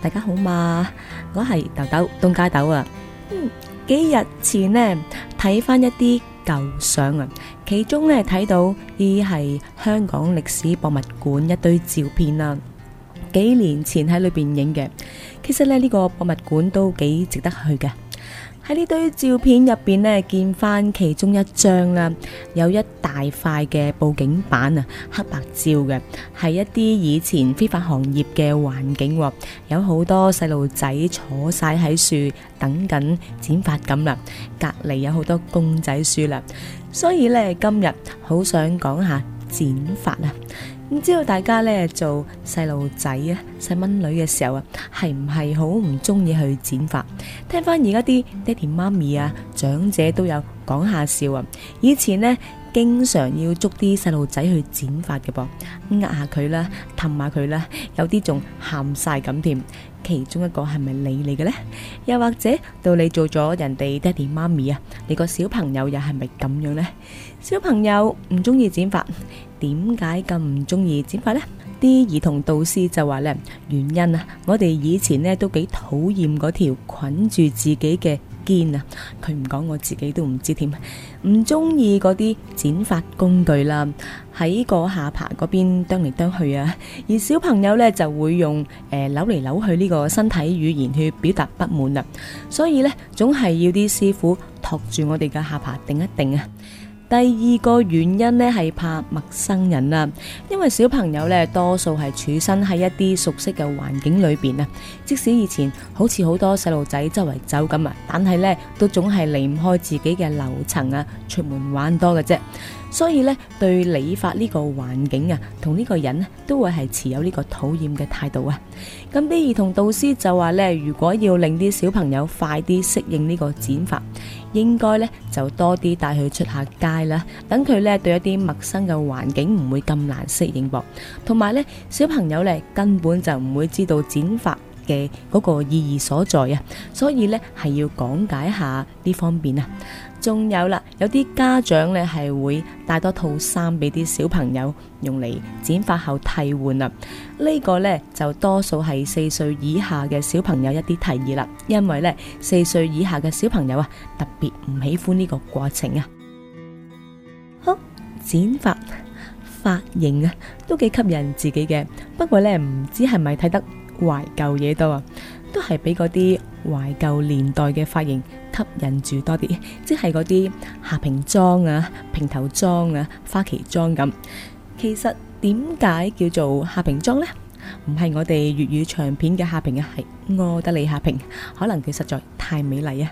大家好嘛，我係豆豆東加豆啊。嗯，幾日前呢，睇翻一啲舊相啊，其中呢，睇到啲係香港歷史博物館一堆照片啊。幾年前喺裏邊影嘅。其實咧呢、呢個博物館都幾值得去嘅。喺呢堆照片入邊呢，見翻其中一張啦，有一大塊嘅布景板啊，黑白照嘅，係一啲以前飛髮行業嘅環境，有好多細路仔坐晒喺樹等緊剪髮咁啦，隔籬有好多公仔書啦，所以呢，今日好想講下剪髮啊！唔知道大家呢做細路仔啊、細蚊女嘅時候啊，係唔係好唔中意去剪髮？聽翻而家啲爹哋媽咪啊、長者都有講下笑啊，以前呢。經常要捉啲細路仔去剪髮嘅噃，呃下佢啦，氹下佢啦，有啲仲喊晒咁添。其中一個係咪你嚟嘅呢？又或者到你做咗人哋爹哋媽咪啊？你個小朋友又係咪咁樣呢？小朋友唔中意剪髮，點解咁唔中意剪髮呢？啲兒童導師就話呢：「原因啊，我哋以前呢都幾討厭嗰條綑住自己嘅。堅啊！佢唔講，我自己都唔知點。唔中意嗰啲剪髮工具啦，喺個下巴嗰邊蹬嚟蹬去啊。而小朋友呢就會用誒扭嚟扭去呢個身體語言去表達不滿啦。所以呢，總係要啲師傅托住我哋嘅下巴定一定啊。第二個原因呢，係怕陌生人啦，啊，因為小朋友呢，多數係處身喺一啲熟悉嘅環境裏邊啊，即使以前好似好多細路仔周圍走咁啊，但係呢，都總係離唔開自己嘅樓層啊，出門玩多嘅啫。所以咧，對理髮呢個環境啊，同呢個人咧，都會係持有呢個討厭嘅態度啊。咁啲兒童導師就話咧，如果要令啲小朋友快啲適應呢個剪髮，應該咧就多啲帶佢出下街啦，等佢咧對一啲陌生嘅環境唔會咁難適應噃。同埋咧，小朋友咧根本就唔會知道剪髮。嘅嗰個意義所在啊，所以呢係要講解下呢方面啊。仲有啦，有啲家長呢係會帶多套衫俾啲小朋友用嚟剪髮後替換啊。呢個呢就多數係四歲以下嘅小朋友一啲提議啦，因為呢四歲以下嘅小朋友啊特別唔喜歡呢個過程啊。好，剪髮髮型啊，都幾吸引自己嘅。不過呢唔知係咪睇得？懷舊嘢多啊，都係俾嗰啲懷舊年代嘅髮型吸引住多啲，即係嗰啲夏萍裝啊、平頭裝啊、花旗裝咁。其實點解叫做夏萍裝呢？唔係我哋粵語長片嘅夏萍啊，係柯德莉夏萍，可能佢實在太美麗啊。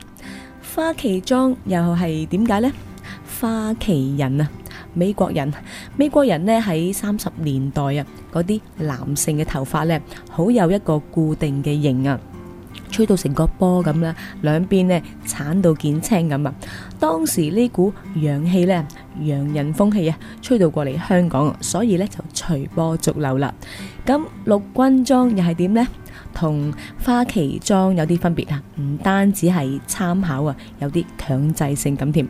花旗裝又係點解呢？花旗人啊，美國人，美國人呢喺三十年代啊。嗰啲男性嘅頭髮呢，好有一個固定嘅型啊，吹到成個波咁啦，啊，兩邊呢，鏟到見青咁啊。當時呢股洋氣呢，洋人風氣啊，吹到過嚟香港，所以呢，就隨波逐流啦。咁陸軍裝又係點呢？同花旗裝有啲分別啊，唔單止係參考啊，有啲強制性咁，啊、添。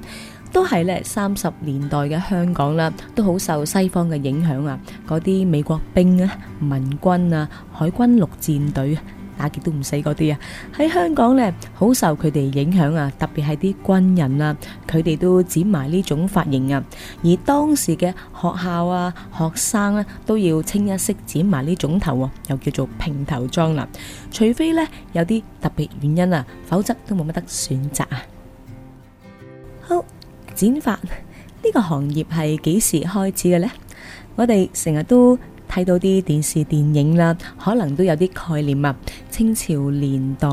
都係咧，三十年代嘅香港啦，都好受西方嘅影響啊！嗰啲美國兵啊、民軍啊、海軍陸戰隊打極都唔死嗰啲啊，喺香港咧好受佢哋影響啊！特別係啲軍人啊，佢哋都剪埋呢種髮型啊，而當時嘅學校啊、學生咧都要清一色剪埋呢種頭啊，又叫做平頭裝啦。除非咧有啲特別原因啊，否則都冇乜得選擇啊。好。剪髮呢個行業係幾時開始嘅呢？我哋成日都睇到啲電視電影啦，可能都有啲概念啊。清朝年代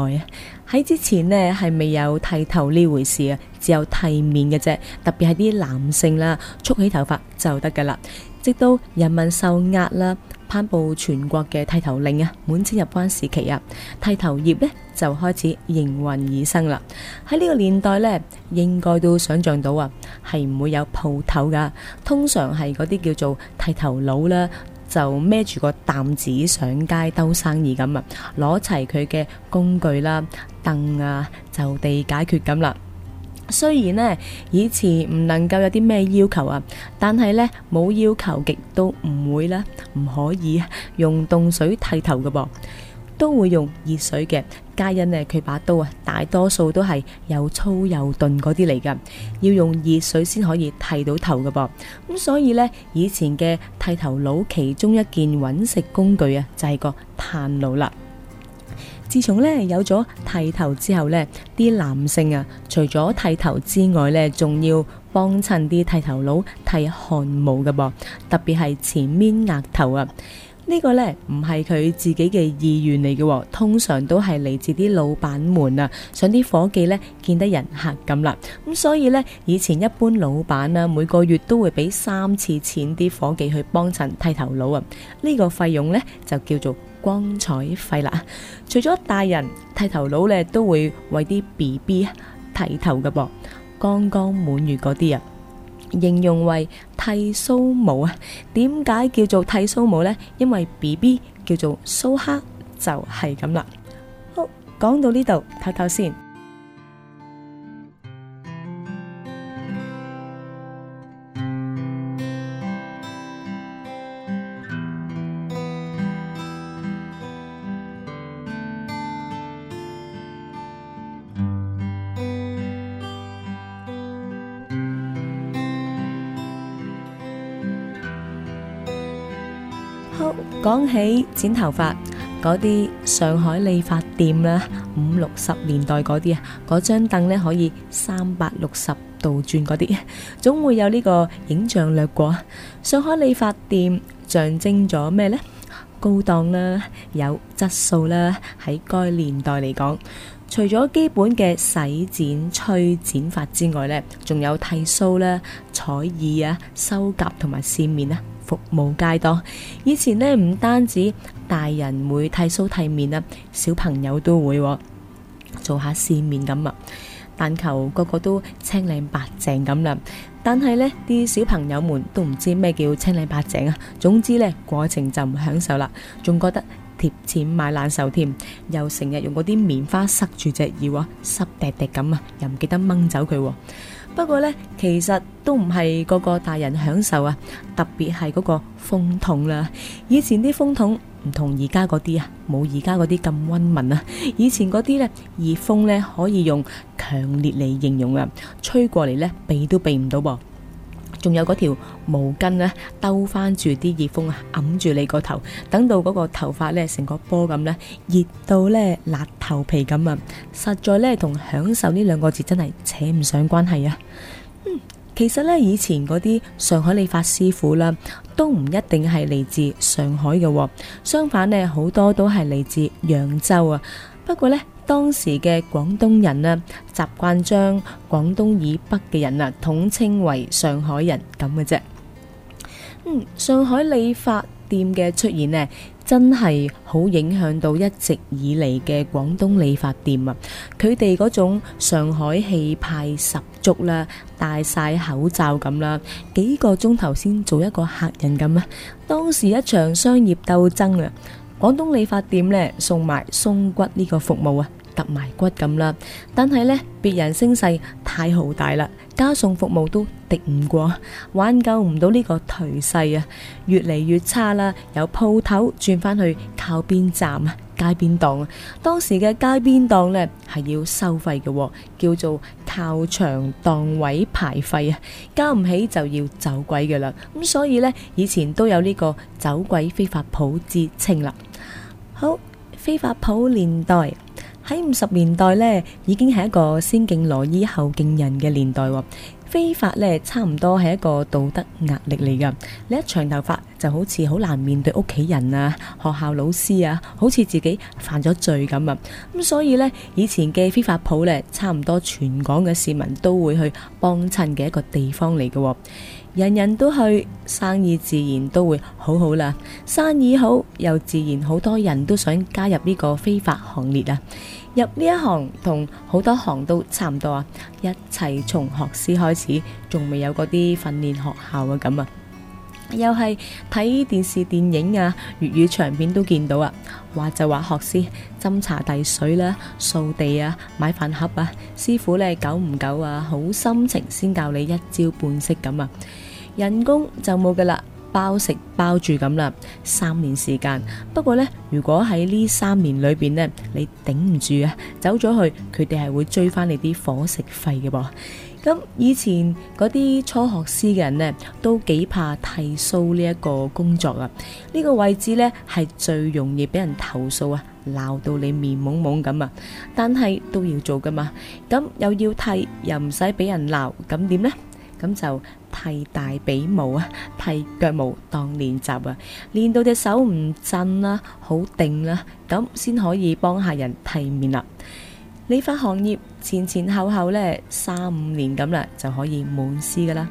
喺之前呢，係未有剃頭呢回事啊，只有剃面嘅啫。特別係啲男性啦，束起頭髮就得噶啦。直到人民受壓啦。頒布全，全國嘅剃頭令啊，滿清入關時期啊，剃頭業咧就開始應運而生啦。喺呢個年代咧，應該都想象到啊，係唔會有鋪頭噶，通常係嗰啲叫做剃頭佬啦，就孭住個擔子上街兜生意咁啊，攞齊佢嘅工具啦、凳啊、就地解決咁啦。雖然呢以前唔能夠有啲咩要求啊，但係呢，冇要求極都唔會啦，唔可以用凍水剃頭㗎噃，都會用熱水嘅。皆因呢佢把刀啊，大多數都係又粗又鈍嗰啲嚟㗎，要用熱水先可以剃到頭㗎噃。咁所以呢，以前嘅剃頭佬其中一件揾食工具啊，就係個炭爐啦。自從呢，有咗剃頭之後呢，啲男性啊，除咗剃頭之外呢，仲要幫襯啲剃頭佬剃汗毛噶噃，特別係前面額頭啊。呢個呢，唔係佢自己嘅意願嚟嘅，通常都係嚟自啲老闆們啊，想啲伙計呢，見得人客咁啦。咁所以呢，以前一般老闆啊，每個月都會俾三次錢啲伙計去幫襯剃頭佬啊。呢個費用呢，就叫做光彩費啦，除咗大人剃頭佬咧，都會為啲 B B 剃頭㗎噃，剛剛滿月嗰啲啊，形容為剃蘇毛啊，點解叫做剃蘇毛呢？因為 B B 叫做蘇蝦，就係咁啦。好，講到呢度，唞唞先。起剪頭髮嗰啲上海理髮店啦，五六十年代嗰啲啊，嗰張凳呢，可以三百六十度轉嗰啲，總會有呢個影像掠過。上海理髮店象徵咗咩呢？高檔啦，有質素啦。喺該年代嚟講，除咗基本嘅洗剪吹剪髮之外呢，仲有剃鬚啦、採耳啊、修甲同埋線面啊。服務街多，以前呢，唔單止大人會剃鬚剃面啊，小朋友都會做下試面咁啊，但求個個都青靚白淨咁啦。但係呢啲小朋友們都唔知咩叫青靚白淨啊，總之呢，過程就唔享受啦，仲覺得貼錢買難受添，又成日用嗰啲棉花塞住隻耳啊，濕滴滴咁啊，又唔記得掹走佢。不過呢，其實都唔係個個大人享受啊，特別係嗰個風筒啦啊。以前啲風筒唔同而家嗰啲啊，冇而家嗰啲咁温文啊。以前嗰啲呢，熱風呢可以用強烈嚟形容啊，吹過嚟呢，避都避唔到噃。仲有嗰條毛巾咧，兜翻住啲熱風啊，揞住你個頭，等到嗰個頭髮呢成個波咁呢，熱到呢辣頭皮咁啊，實在呢，同享受呢兩個字真係扯唔上關係啊。嗯，其實呢，以前嗰啲上海理髮師傅啦，都唔一定係嚟自上海嘅，相反呢，好多都係嚟自揚州啊。不過呢。當時嘅廣東人咧，習慣將廣東以北嘅人啊，統稱為上海人咁嘅啫。嗯，上海理髮店嘅出現咧，真係好影響到一直以嚟嘅廣東理髮店啊！佢哋嗰種上海氣派十足啦，戴晒口罩咁啦，幾個鐘頭先做一個客人咁啊！當時一場商業鬥爭啊！廣東理髮店呢，送埋鬆骨呢個服務啊，揼埋骨咁啦，但係呢，別人聲勢太浩大啦，加送服務都敵唔過，挽救唔到呢個頹勢啊，越嚟越差啦，由鋪頭轉翻去靠邊站啊，街邊檔啊，當時嘅街邊檔呢，係要收費嘅啊，叫做靠牆檔位排費啊，交唔起就要走鬼噶啦，咁所以呢，以前都有呢個走鬼非法鋪之稱啦。好，飛髮鋪年代喺五十年代呢，已經係一個先敬羅衣後敬人嘅年代。飛髮呢，差唔多係一個道德壓力嚟噶。你一長頭髮，就好似好難面對屋企人啊、學校老師啊，好似自己犯咗罪咁啊。咁所以呢，以前嘅飛髮鋪呢，差唔多全港嘅市民都會去幫襯嘅一個地方嚟嘅。人人都去，生意自然都會好好啦。生意好，又自然好多人都想加入呢個飛髮行列啊！入呢一行同好多行都差唔多啊，一齊從學師開始，仲未有嗰啲訓練學校啊咁啊。又係睇電視電影啊，粵語長片都見到啊。話就話學師斟茶遞水啦、啊、掃地啊、買飯盒啊。師傅咧久唔久啊，好心情先教你一招半式咁啊。人工就冇噶啦，包食包住咁啦、啊。三年時間，不過呢，如果喺呢三年裏邊呢，你頂唔住啊，走咗去，佢哋係會追翻你啲伙食費嘅噃、啊。咁以前嗰啲初學師嘅人呢，都幾怕剃鬚呢一個工作啊！呢、呢個位置呢，係最容易俾人投訴啊，鬧到你面懵懵咁啊！但係都要做噶嘛，咁又要剃又唔使俾人鬧，咁點呢？咁就剃大髀毛啊，剃腳毛當練習啊，練到隻手唔震啦、啊，好定啦、啊，咁先可以幫客人剃面啦、啊。呢份行業前前後後咧三五年咁啦，就可以滿師㗎喇。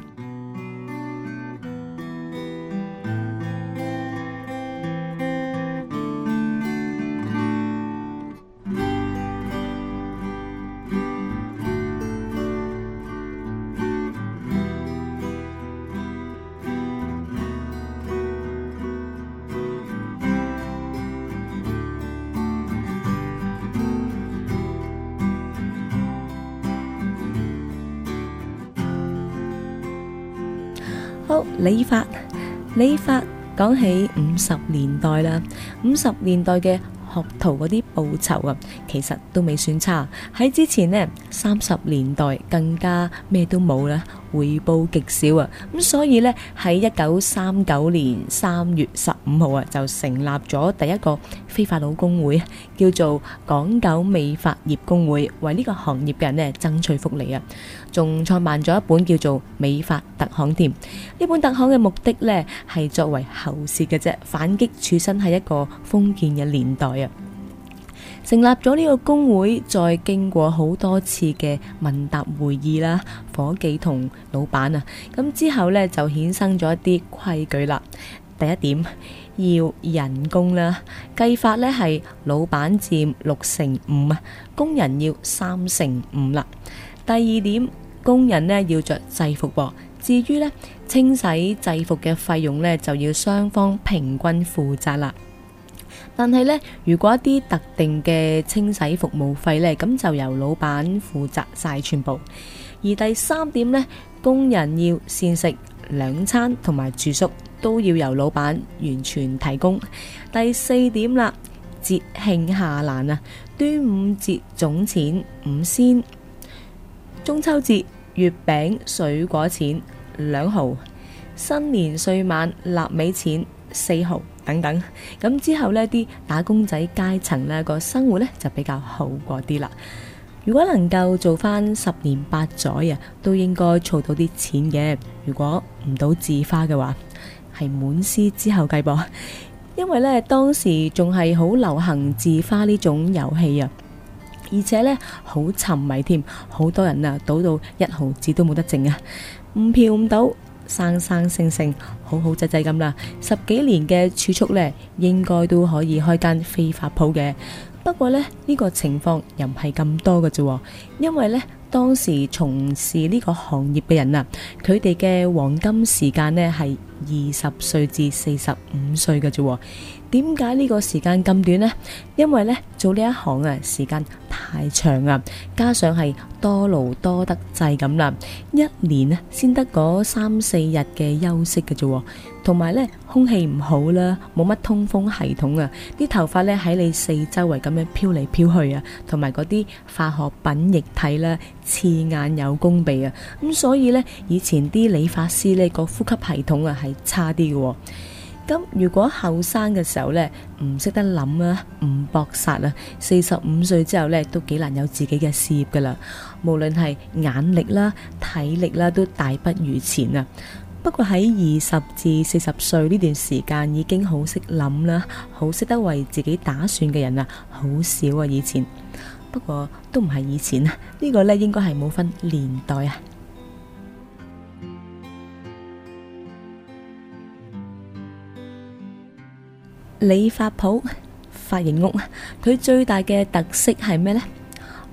好，理髮，理髮，講起五十年代啦。五十年代嘅學徒嗰啲報酬啊，其實都未算差。喺之前呢，三十年代更加咩都冇啦。回報極少啊，咁所以呢喺一九三九年三月十五號啊，就成立咗第一個飛髮佬工會，叫做港九美髮業工會，為呢個行業嘅人呢爭取福利啊，仲創辦咗一本叫做《美髮特刊》。呢本特刊嘅目的呢係作為後事嘅啫，反擊處身喺一個封建嘅年代啊。成立咗呢個工會，再經過好多次嘅問答會議啦，伙記同老闆啊，咁之後呢，就衍生咗一啲規矩啦。第一點，要人工啦，計法呢係老闆佔六成五啊，工人要三成五啦。第二點，工人呢要着制服喎，至於呢清洗制服嘅費用呢，就要雙方平均負責啦。但係呢，如果一啲特定嘅清洗服務費呢，咁就由老闆負責晒全部。而第三點呢，工人要膳食兩餐同埋住宿，都要由老闆完全提供。第四點啦，節慶下欄啊！端午節總錢五仙，中秋節月餅水果錢兩毫，新年歲晚臘尾錢。四毫等等，咁之後呢啲打工仔階層呢個生活呢就比較好過啲啦。如果能夠做翻十年八載啊，都應該儲到啲錢嘅。如果唔賭字花嘅話，係滿師之後計噃，因為呢當時仲係好流行字花呢種遊戲啊，而且呢好沉迷添，好多人啊賭到一毫子都冇得剩啊，唔嫖唔賭，生生性性，好好仔仔咁啦，十幾年嘅儲蓄呢，應該都可以開間飛髮鋪嘅。不過呢，呢個情況又唔係咁多嘅啫，因為呢。當時從事呢個行業嘅人啊，佢哋嘅黃金時間呢係二十歲至四十五歲嘅啫。點解呢個時間咁短呢？因為呢做呢一行啊，時間太長啊，加上係多勞多得制咁啦，一年先得嗰三四日嘅休息嘅啫。同埋呢，空氣唔好啦，冇乜通風系統啊，啲頭髮呢，喺你四周圍咁樣飄嚟飄去啊，同埋嗰啲化學品液體啦。刺眼有功鼻啊！咁所以呢，以前啲理髮師呢個呼吸系統啊係差啲嘅。咁如果後生嘅時候呢，唔識得諗啦，唔搏殺啦，四十五歲之後呢，都幾難有自己嘅事業噶啦。無論係眼力啦、體力啦，都大不如前啊。不過喺二十至四十歲呢段時間，已經好識諗啦，好識得為自己打算嘅人啊，好少啊，以前。不過都唔係以前啊，呢個呢應該係冇分年代啊。理髮鋪、髮型屋，佢最大嘅特色係咩呢？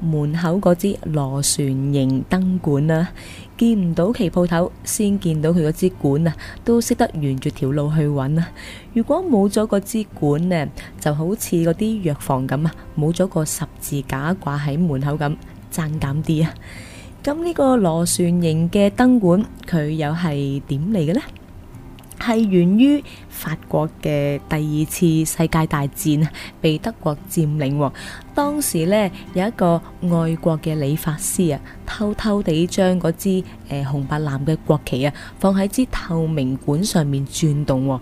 門口嗰支螺旋形燈管啊，見唔到其鋪頭先見到佢嗰支管啊，都識得沿住條路去揾啊。如果冇咗嗰支管呢，就好似嗰啲藥房咁啊，冇咗個十字架掛喺門口咁，爭膽啲啊。咁呢個螺旋形嘅燈管，佢又係點嚟嘅呢？係源於法國嘅第二次世界大戰，被德國佔領。當時呢，有一個愛國嘅理髮師啊，偷偷地將嗰支誒紅白藍嘅國旗啊，放喺支透明管上面轉動。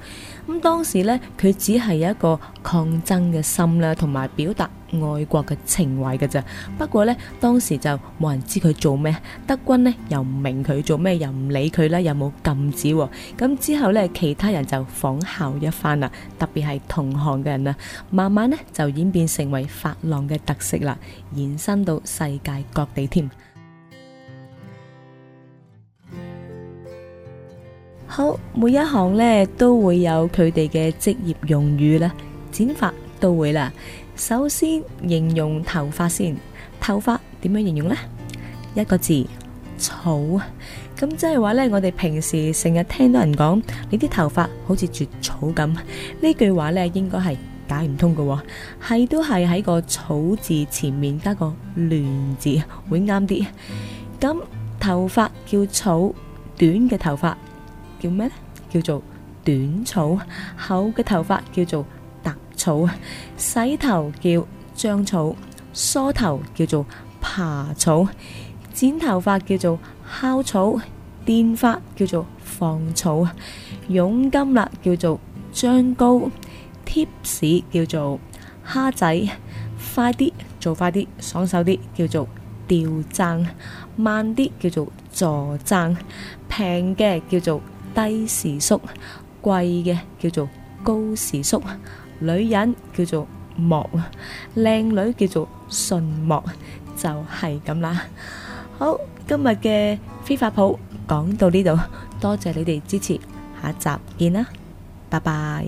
咁當時呢，佢只係有一個抗爭嘅心啦，同埋表達愛國嘅情懷嘅咋。不過呢，當時就冇人知佢做咩，德軍呢，又唔明佢做咩，又唔理佢啦，又冇禁止。咁之後呢，其他人就仿效一番啦，特別係同行嘅人啊，慢慢呢，就演變成為髮廊嘅特色啦，延伸到世界各地添。好，每一行呢都會有佢哋嘅職業用語啦。剪髮都會啦。首先形容頭髮先，頭髮點樣形容呢？一個字草，咁即係話呢，我哋平時成日聽到人講，你啲頭髮好似絕草咁，呢句話呢應該係解唔通㗎喎，係都係喺個草字前面加個亂字會啱啲。咁頭髮叫草，短嘅頭髮。叫咩呢？叫做短草，厚嘅頭髮叫做踏草，洗頭叫張草，梳頭叫做爬草，剪頭髮叫做烤草，電髮叫做放草，佣金啦叫做張高，貼士叫做蝦仔，快啲做快啲、爽手啲叫做吊踭，慢啲叫做助踭，平嘅叫做。低時縮，貴嘅叫做高時縮，女人叫做莫，靚女叫做順莫，就係咁啦。好，今日嘅飛發鋪講到呢度，多謝你哋支持，下一集見啦，拜拜。